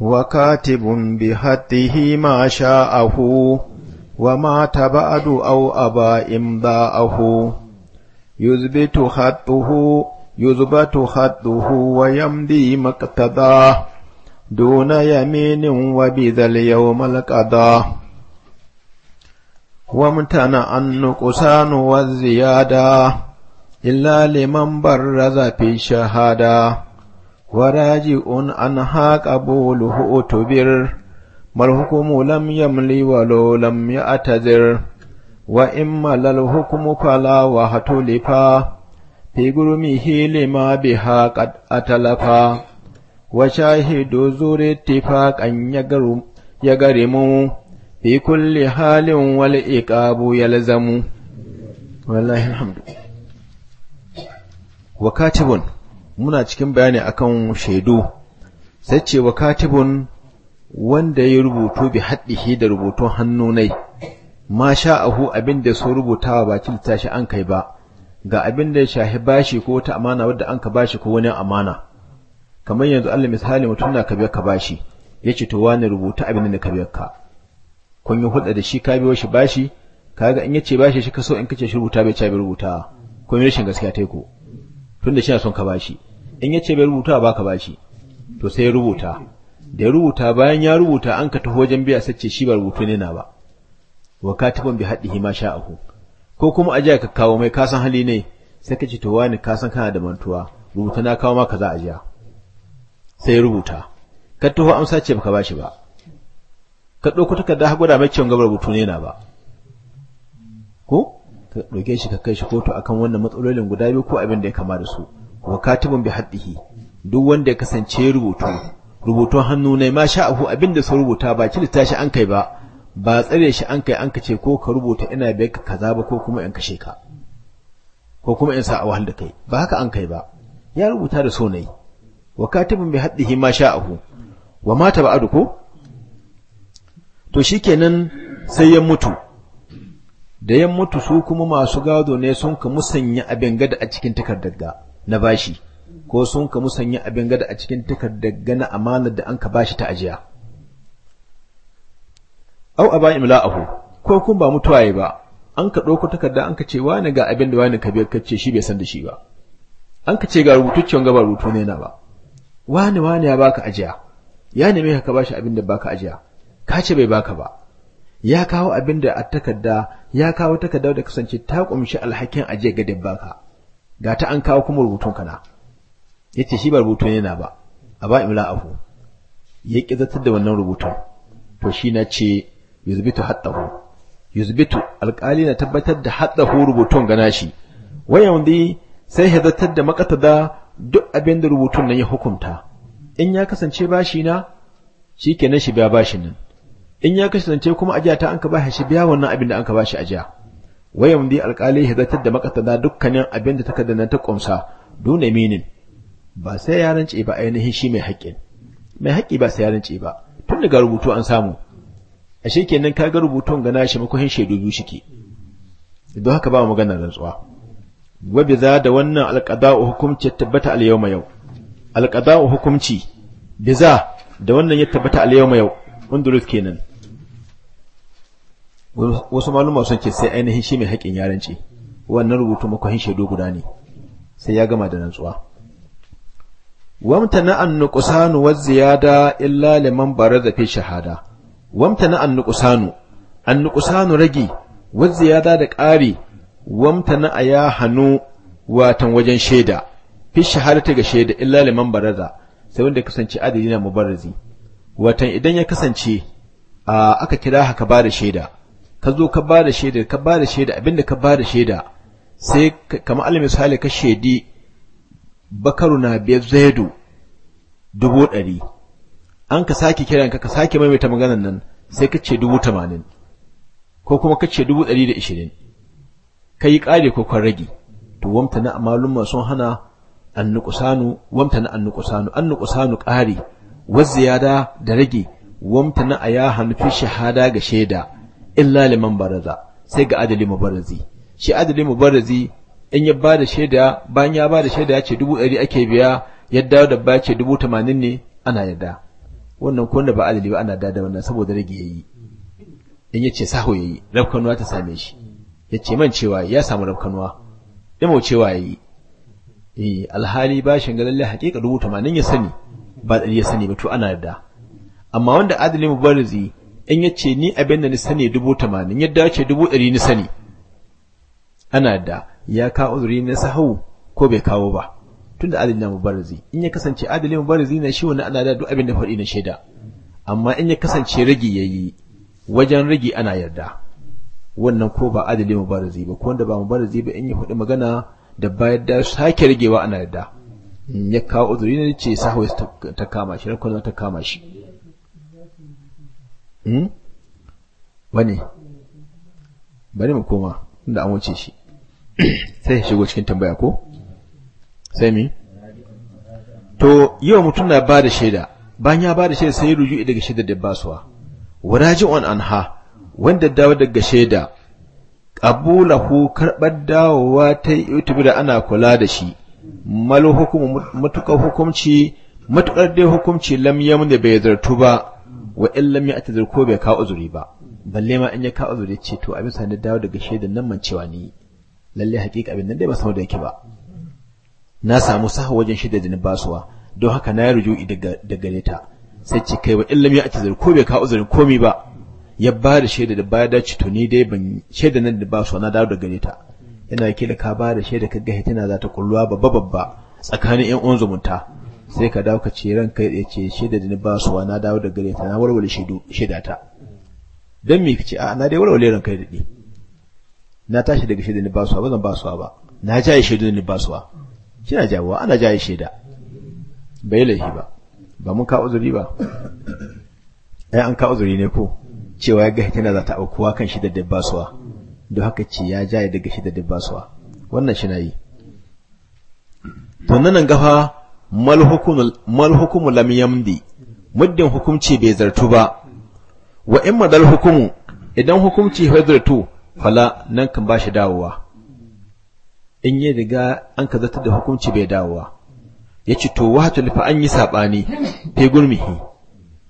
وكاتب بهته ما شاءه ومات بعد أو أبى إمضاءه يثبت خطه يثبت خطه ويمضي ما اقتضاه دون يمين وبذا اليوم القضاء وامتنع النقصان والزيادة إلا لمن برز في الشهاده waraji on an haƙa bo luhu tubir malam hukumu lambu ya muli waɗo ya atazir wa in lal hukumu kwalaba haɗuli fa fi gurumi hili ma fi haƙa a tallafa wa sha ido zoro ta fa kan yaga rimu fi kulle halin wa liƙa buyar zamu. wakatibun. muna cikin bayani akan shaidu sai ce wa katibun wanda ya rubuto bi haddihi da rubutun hannunai ma sha'ahu abin da so rubutawa bakin tashi an kai ba ga abin da ya shahi bashi ko wata amana wadda an ka bashi ko wani amana kamar yanzu Allah misali mutum na kabe ka bashi Ya ce to wani rubuta abin da kabe ka kun yi hulɗa da shi ka biyo shi bashi kaga in yace bashi shi ka so in kace shi rubuta bai ci rubuta kun yi rashin gaskiya tai ko da shi na son ka bashi in yace bai rubuta ba ka bashi to sai rubuta da ya rubuta bayan ya rubuta an ka taho wajen biya sace shi ba rubutu ne na ba wa katibun bi haddihi ma sha'ahu ko kuma aje ka kawo mai kasan hali ne sai ka ce to wani kasan kana da mantuwa rubuta na kawo maka za a jiya sai ya rubuta ka taho amsa ce baka bashi ba ka dauko takarda har gwada mai cewa gabar rubutu ne na ba ko ka ɗauke shi ka kai shi kotu akan wannan matsalolin guda biyu ko abin da ya kama da su wa katibun bi haddihi duk wanda ya kasance rubutu rubutun hannu ne ma sha ahu abinda su rubuta ba kilita shi an kai ba ba tsare shi an kai an kace ko ka rubuta ina bai ka kaza ba ko kuma in kashe ka ko kuma in sa a wahal da kai ba haka an kai ba ya rubuta da sonai wa katibun bi haddihi ma sha ahu wa mata ba'adu ko to shikenan sai ya mutu da ya mutu su kuma masu gado ne sun ka musanya abin gada a cikin takardar na bashi ko sun ka musanya abin gada a cikin takardar gana amanar da an ka bashi ta ajiya au aba imla'ahu ko kun ba mutuwaye ba an ka ɗauko takarda an ka ce wani ga abin da wani ka biyar ka shi bai san da shi ba an ka ce ga rubutuccen gaba rubutu ne na ba wani wani ya baka ajiya ya neme ka bashi abin da baka ajiya ka ce bai baka ba ya kawo abin da a takarda ya kawo takarda da kasance ta kumshi alhakin ajiya ga baka. ga ta an kawo kuma rubutun kana yace shi ba rubutun yana ba a ba imla afu ya ki zartar da wannan rubutun to shi na ce yuzbitu haddahu yuzbitu alqali na tabbatar da haddahu rubutun gana shi wayan dai sai ya zartar da makatada duk abin da rubutun nan ya hukunta in ya kasance bashi na shikenan shi biya shi nan in ya kasance kuma ajiya ta an ka bashi shi biya wannan abin da an ka bashi ajiya wayan di alkali ya zartar da makasada dukkanin abin da da nan ta kumsa duna minin ba sai ya rance ba ainihin shi mai haƙƙin mai haƙƙi ba sai ya rance ba tun daga rubutu an samu ashe kenan ka ga rubutun ga nashi makohin shaidu biyu shike don haka ba magana rantsuwa wa biza da wannan alqada'u hukumci tabbata al yawma yau alqada'u hukumci biza da wannan ya tabbata al yawma yau undurus kenan wasu malumar sun ce sai ainihin shi mai haƙin yaranci wannan rubutu makwahin shaidu guda ne sai ya gama da nantsuwa wamtana an nuqsanu wa ziyada illa liman baraza fi shahada wamtana an nuqsanu an nuqsanu ragi wa ziyada da ƙari wamtana aya hanu watan wajen shaida fi shahadata ga shaida illa liman baraza sai wanda kasance adadi na mubarrazi watan idan ya kasance aka kira haka ba da shaida ka zo ka bada shaida ka bada shaida abinda ka bada shaida sai kamar alal misali ka shaidi bakaru na biyar zaidu dubu ɗari an ka sake kiran ka ka sake maimaita maganan nan sai ka ce dubu tamanin ko kuma ka ce dubu ɗari da ishirin ka yi ƙare ko kwan rage to wamta na malumma sun hana annuƙusanu wamta na annuƙusanu annuƙusanu ƙari wazziyada da rage wamta na a ya fi shahada ga shaida illa liman baraza sai ga adali mubarazi shi adali mubarazi in ya bada shaida bayan ya bada shaida ya ce dubu ɗari ake biya ya dawo da ba ce dubu tamanin ne ana yarda wannan ko da ba adali ba ana da da wannan saboda rage yayi in ya ce saho yayi rafkanuwa ta same shi ya ce man cewa ya samu rafkanuwa dimo cewa yayi eh alhali ba shi ga lalle hakika dubu tamanin ya sani ba ɗari ya sani ba to ana yarda amma wanda adali mubarazi in ya ce ni abin da ni sani dubu tamanin yadda ya ce dubu ɗari ni sani ana da ya kawo uzuri na sahau ko bai kawo ba tun da adalina mubarazi in ya kasance adali mubarazi na shi wani ana da duk abin da faɗi na shaida amma in ya kasance ragi ya yi wajen ragi ana yarda wannan ko ba adali mubarazi ba ko wanda ba mubarazi ba in ya faɗi magana da bayar da sake ragewa ana yarda ya kawo uzuri ne ce sahau ta kama shi rakon ta kama shi Hmm? bane bari mu koma da an wuce shi sai ya shigo cikin tambaya ko sai mi to yau mutum na ba da shaida bayan ya ba da shaida sai ya ruju daga shaida da basuwa on anha wanda dawo daga shaida qabulahu karbar dawowa ta yutubi da ana kula da shi mal hukumu matukar hukumci matukar dai hukumci lam yamne bai zartu ba wa in lam ya'tazir ko bai kawo uzuri ba balle ma in ya kawo uzuri ce to abin ne dawo daga shaidan nan man cewa ni lalle haƙiƙa abin nan dai ba san da yake ba na samu sahu wajen shida da basuwa don haka na ruju'i daga daga leta sai ce kai wa in lam ya'tazir ko bai kawo uzurin komai ba ya ba da shaida da baya dace to ni dai ban shaida nan da basuwa na dawo daga leta yana kila ka ba da shaida ka hitina za ta kulluwa babba babba tsakanin yan uwan zumunta sai ka dawo ka ce ran kai ya ce shaida da ni ba suwa na dawo da gare ta na warware shaida ta dan me kace a na dai warware ran kai da ni na tashi daga shaida ni ba suwa ba zan ba suwa ba na jaye shaida ni ba suwa kina jawo ana jaye shaida bai laifi ba ba mun ka uzuri ba ai an ka uzuri ne ko cewa ya ga hitina za ta aukuwa kan shi da dabbasuwa don haka ce ya jaye daga shi da dabbasuwa wannan shi na yi to nan gafa mal hukumu lam yamdi muddin hukumci bai zartu ba wa in madal hukumu idan hukumci ya zartu fala nan kan bashi dawowa in ya riga an ka zartar da hukumci bai dawowa ya ci to wato lifa an yi saɓani fi gurmihi.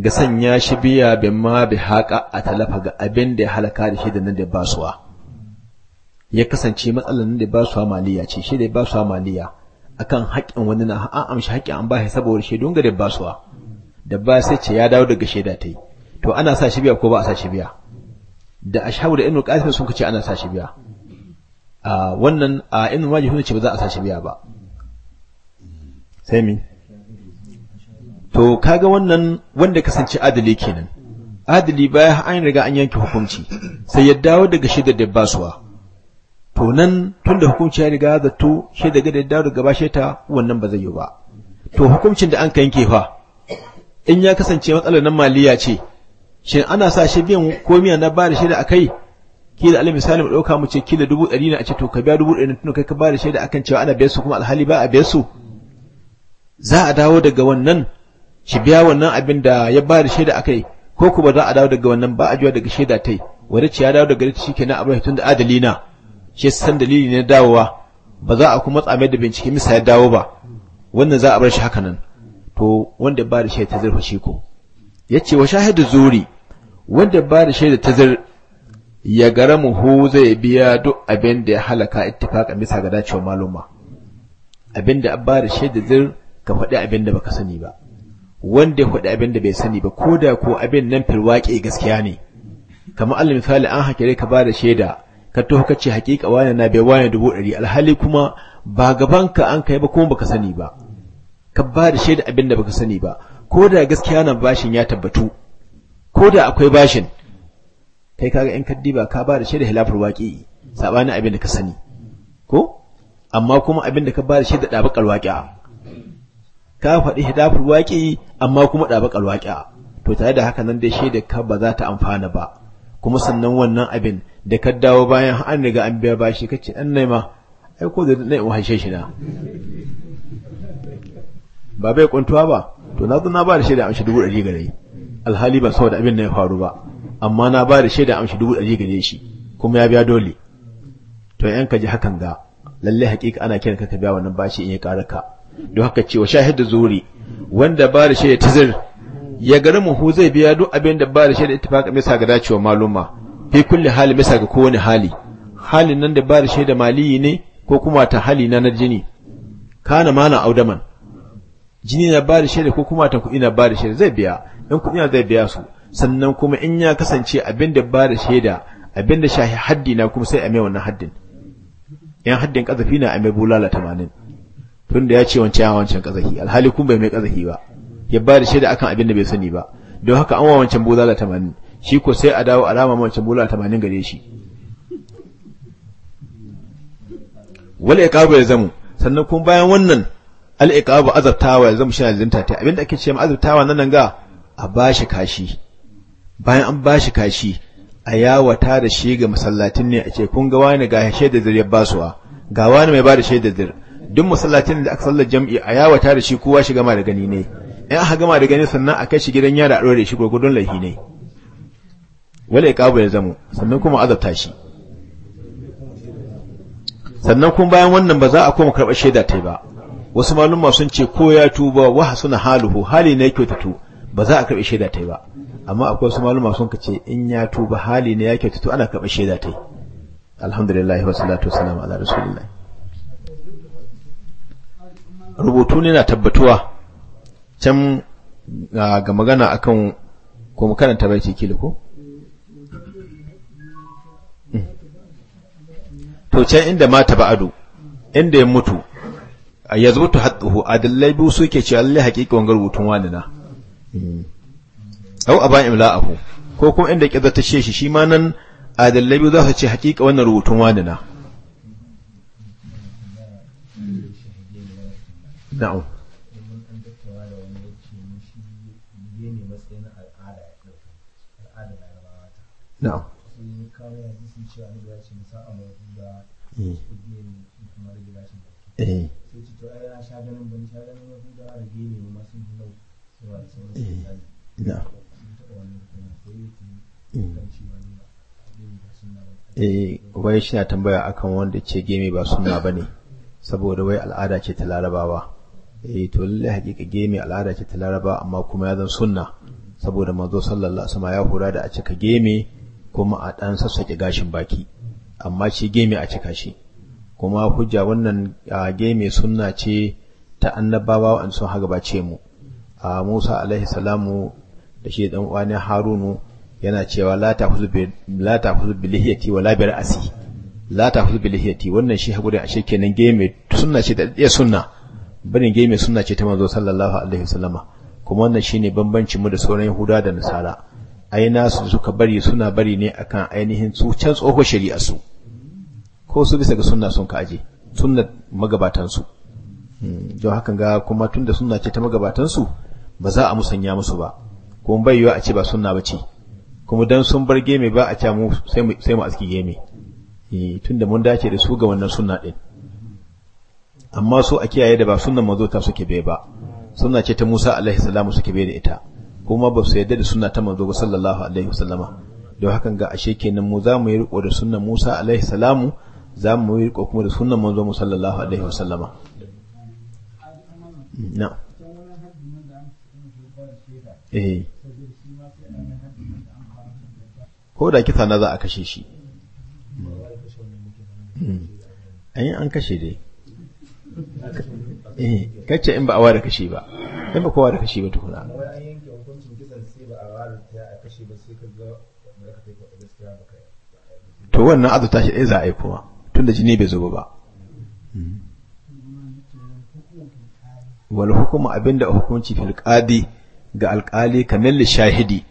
ga sanya shi biya bin ma bi haƙa a talafa ga abin da ya halaka da shi da nan da basuwa ya kasance matsalar nan da basuwa maliya ce shi da basuwa maliya akan haƙƙin wani na an amshi haƙƙin an bashi saboda shaidun gare basuwa suwa ba sai ce ya dawo daga shaida ta yi to ana sa shi biya ko ba a sa shi biya da ashabu da ibnu qasim sun ce ana sa shi biya a wannan a ibnu waje sun ce ba za a sa shi biya ba sai mi to kaga wannan wanda kasance adali kenan adali baya an riga an yanke hukunci sai ya dawo daga shaidar da suwa to nan tunda hukunci ya riga zato shi daga da dawo daga bashe ta wannan ba zai yi ba to hukuncin da an ka yanke fa in ya kasance matsalar nan maliya ce shin ana sa shi biyan komiya na bada da shaida akai kila alal misali mu dauka mu ce kila dubu ɗari ne a ce to ka biya dubu ɗari tun kai ka bada da shaida akan cewa ana biyan su kuma alhali ba a biyan su za a dawo daga wannan shi biya wannan abin da ya bada da shaida akai ko kuma za a dawo daga wannan ba a jiwa daga shaida tai Wani ce ya dawo daga shi kenan abin tun da adalina. na shi san dalili ne dawowa ba za a kuma tsamai da bincike misa ya dawo ba wannan za a bar shi haka nan to wanda ba da shaida ta zurfa shi ko yace wa shahidu zuri wanda ba da shaida ta zur ya garamu hu zai biya duk abin da ya halaka ittifaqan bisa ga dacewar maluma abin da ba da shaida zur ka faɗi abin da baka sani ba wanda ya faɗi abin da bai sani ba ko da ko abin nan firwaƙe gaskiya ne kamar Allah misali an hakire ka ba da shaida ka to ka ce hakika wani na bai wani dubu ɗari alhali kuma ba gaban ka an kai ba kuma baka sani ba ka ba da shaida abin da baka sani ba ko da gaskiya na bashin ya tabbatu ko da akwai bashin kai kaga in kaddi ba ka ba da shaida hilafar waƙi sabanin abin da ka sani ko amma kuma abin da ka ba da shaida dabakar waƙi ka faɗi hilafar waƙi amma kuma dabakar waƙi to tare da haka nan dai shaida ka ba za ta amfana ba kuma sannan wannan abin da ka dawo bayan an riga an biya bashi kace dan nai ma ai ko da nai hashe shi na ba bai kuntuwa ba to na na ba da shaida amshi dubu ɗari gare alhali ba saboda abin da ya faru ba amma na ba da shaida amshi dubu ɗari gare shi kuma ya biya dole to yan ka ji hakan ga lalle haƙiƙa ana kiran ka ka biya wannan bashi in ya ƙara ka don haka cewa da zuri wanda ba da shaida tazir ya gari mu zai biya duk abin da ba da shaida ittifaq bisa ga dacewa maluma fi kulli hali bisa ga kowane hali halin nan da da shaida maliyi ne ko kuma ta hali na jini kana mana audaman jini na da shaida ko kuma ta kuɗi na da shaida zai biya in kuɗi na zai biya su sannan kuma in ya kasance abin da da shaida abin da shahi haddi na kuma sai a mai wannan haddin yan haddin kazafi na a mai bulala tamanin tun da ya ce wancan ya wancan kazafi alhali kun bai mai kazafi ba ya da shaida akan abin da bai sani ba don haka an wa wancan bulala tamanin shi ko sai a dawo alama wancan bula tamanin gare shi wala iqabu ya zamu sannan kuma bayan wannan al iqabu azabtawa ya zamu shi zinta ta abinda ake cewa azabtawa nan ga a bashi kashi bayan an bashi kashi a yawata da shi ga masallatin ne a ce kun ga wani ga da zirya basuwa ga wani mai ba da shaidar zir duk masallatin da aka sallar jam'i a yawata da shi kowa shi gama da gani ne in aka gama da gani sannan a kai shi gidan yara a ɗore shi gurgudun lahi ne ya iqabu ya zamu sannan kuma azabta shi sannan kuma bayan wannan ba za a koma karɓar shaida ta ba wasu malumma sun ce ko ya tuba wa hasuna haluhu hali ne tutu ba za a karɓi shaida ta ba amma akwai wasu malumma sun ka ce in ya tuba hali ne ya tutu ana karɓar shaida ta alhamdulillah wa salatu wa salam ala rasulillah rubutu ne na tabbatuwa can ah, ga magana akan ko mu karanta baiti kilo ko to can inda mata ado, inda ya mutu a ya zubutu a adillai biyu suke ce lalle haƙiƙa wangar rubutun wani na au aban imla'ahu ko kuma inda kiza ta ce shi shi ma nan adillai biyu za su ce haƙiƙa wannan rubutun wani na Na'u. na'am cewa ne ya eh. eh. eh. wai shi na tambaya akan wanda ce gemi ba sunna ba ne saboda wai al'ada ce ta larabawa eh to lalle hakika gemi al'ada ce ta larabawa amma kuma ya zan sunna saboda manzo sallallahu alaihi wasallam ya hura da a cika gemi kuma a ɗan sassaƙe gashin baki amma shi game a cika shi kuma hujja wannan game sunna ce ta annabawa an sun haga ce mu a Musa alaihi salamu da shi dan wani Harunu yana cewa la tahuz bi bi lihiyati wala bi asi la tahuz bi lihiyati wannan shi hakuri a shekenan game sunna ce ta iya sunna barin game sunna ce ta manzo sallallahu alaihi wasallama kuma wannan shine bambancin mu da sauran Yahuda da Nasara ai nasu suka bari suna bari ne akan ainihin su can tsoho shari'a su ko su bisa ga sunna sun ka aje sunna magabatansu hmm, don hakan ga kuma tun da sunna ce ta magabatansu ba za a musanya musu ba kuma bai yiwa a ce ba sunna ba ce kuma dan sun bar geme ba a camu sai mu aski geme eh, da mun dace da su ga wannan sunna din amma so a kiyaye da ba sunnan mazo ta suke bai ba sunna ce ta Musa alaihi salamu suke bai da ita kuma ba su yarda da sunna ta manzo ba sallallahu alaihi wasallama don hakan ga ashe kenan mu za mu yi riko da sunnan Musa alaihi salamu za mu yi riko kuma da sunnan manzo mu sallallahu alaihi wasallama na eh ko da kisa na za a kashe shi hmm. an yi an kashe dai eh kacce in ba a ware kashe ba in ba kowa da kashe ba tukuna to wannan azurta shi ɗaya za a yi kuma tun da jini bai zuba ba wal hukuma abinda hukunci filƙadi ga alƙali kamar shahidi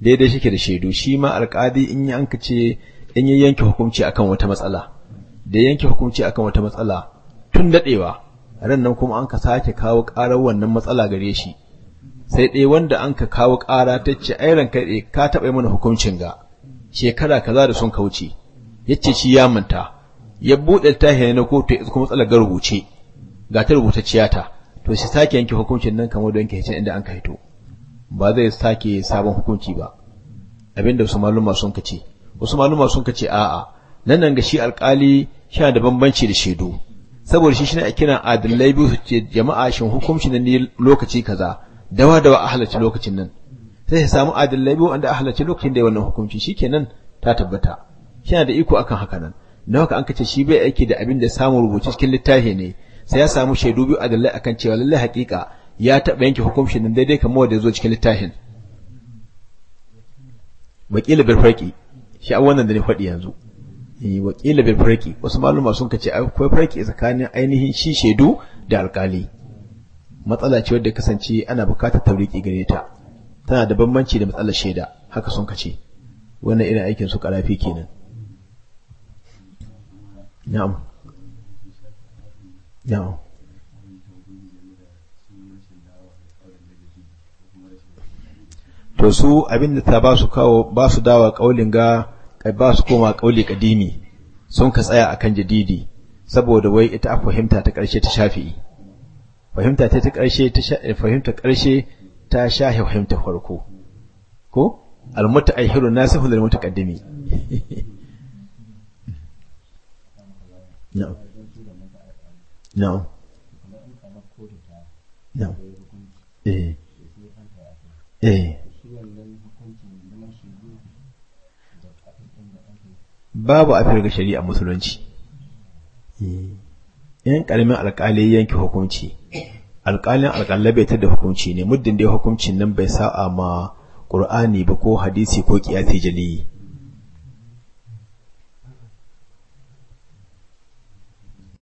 daidai shike da shaidu shi ma alƙadi in yi anka ce in yi yanke hukunci akan wata matsala da yanke hukunci akan wata matsala tun daɗewa ran nan kuma an ka sake kawo ƙarar wannan matsala gare shi sai ɗaya wanda an ka kawo ƙara ta ce ai ranka ɗaya ka taɓa yi mana hukuncin ga shekara kaza da sun kauce ya ce shi ya manta ya buɗe tahiya na kotu ya kuma matsalar ga rubuce ga ta rubuta ta to shi sake yanke hukuncin nan kamar da yanke hicin inda an ka hito ba zai sake sabon hukunci ba abinda wasu maluma sun ka ce wasu maluma sun ka ce a'a nan nan ga shi alƙali shi da bambanci da shaidu saboda shi shi ne a kiran adalai biyu su ce jama'a shin hukuncin na ni lokaci kaza dawa dawa a halarci lokacin nan sai ya samu adalai biyu wanda a halarci lokacin da ya wannan hukunci shikenan ta tabbata yana da iko akan haka nan na haka an kace shi bai aiki da abin da samu rubuce cikin littafi ne sai ya samu shaidu biyu adalai akan cewa lallai hakika ya taɓa yanke hukuncin nan daidai kamar wanda ya zo cikin littafin wakila bil farki shi a wannan da ne faɗi yanzu eh, wakila bil Farki wasu maluma sun kace akwai Farki tsakanin ainihin shi shaidu da alƙali matsala ce wadda kasance ana bukatar tauriki gare ta tana da bambanci da matsalar shaida haka sun kace wannan irin aikin su karafi kenan na'am na'am to su abinda ta ba su kawo ba su dawa kaulin ga ba su koma kauli kadimi sun ka tsaya akan jadidi saboda wai ita a fahimta ta ƙarshe ta shafi'i fahimta ta ƙarshe ta eh, fahimta ƙarshe ta shahi fahimta farko ko almutaahiru nasihu lil mutaqaddimi no no no eh eh babu a firga shari'a musulunci eh. yan karamin alƙali yanke hukunci alƙalin alƙalla bai ta da hukunci ne muddin dai hukuncin nan bai sa'a ma ƙur'ani ba ko hadisi ko ƙiyasi jaliyi